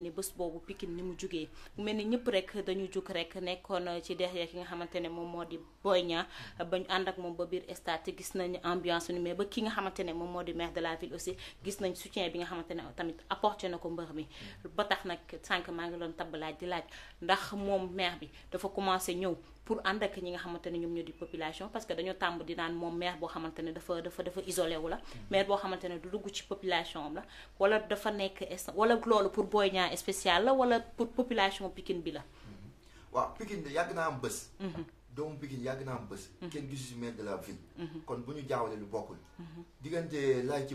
ni bés boobu Pikine ni mu jógee mu mel ni ñëpp rek dañu jug rek nekkoon ci derrière ki nga xamante ne moom moo di Boy Niang ba ñu ànd ak moom ba biir stade gis nañu ambiance ni mais ba ki nga xamante ne moom moo di maire de la ville aussi gis nañ soutien bi nga xamante ne tamit apporté na ko mbër mi ba tax nag sànq maa ngi loon tabb laaj di laaj ndax moom maire bi dafa commencé ñëw pour ànd ak ñi nga xamante ne ñoom ñoo di population parce que dañoo tàmb di naan moom maire boo xamante dafa dafa dafa la mm-hmm. maire boo xamante du dugg ci population la wala dafa nekk est wala loolu pour Boy Niang spécial la wala pour population Pikine bi la mm-hmm. waaw Pikine de yàgg naa am bés mm-hmm. doomu Pikine yàgg naa am bés kenn gisu si maire de la ville kon bu ñu jaawale lu bokkul diggante lay ci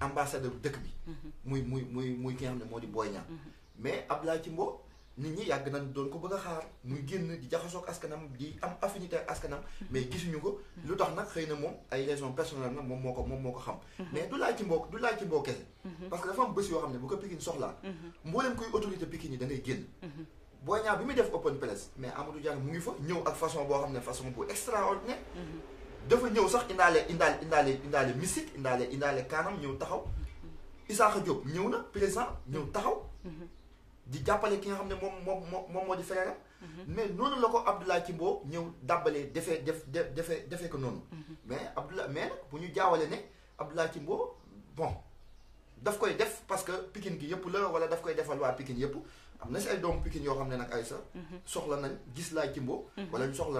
ambassadeur de dëkk bi. Mhm. muy muy muy muy ki nga xam ne moo mhm. mais Abdoulaye Timbo nit ñi yàgg nañ doon ko bëgg a xaar muy génn di jaxasoo askanam di am affinité askanam. Mhm. mais gisuñu ko. lu tax nag xëy na moom ay raisons personnelles nag moom moo ko moom moo ko xam. mais du laaj Timbo, mbokk du laaj ci mbokk kese. parce que dafa am bés yoo xam ne bu ko Pikine soxlaa. mboolem kuy autorité Pikine yi da ngay génn. Boy bi muy def open press mais Amadou Diagne mu ngi fa ñëw ak façon boo xam ne façon bu extraordinaire dafa ñëw sax indaale indaale indaale indaale musique indaale indaale kanam ñeu taxaw Isaaxa Diop ñeu na président ñeu taxaw di jappalé ki nga xamné mom mom moom moom di frère mhm. mais nonu la ko Abdoulaye Timbo ñeu dabalé defee def de defee ko noonu mhm. mais Abdoulaye mais nag bu ñu jaawale ne Abdoulaye Timbo bon daf koy def parce que Pikine gi yëpp la wala daf koy defal wa Pikine yëpp amna na si ay doomu Pikine yo xamné nak nag ay sa mhm. soxla nañ gis la Timbo wala ñu soxla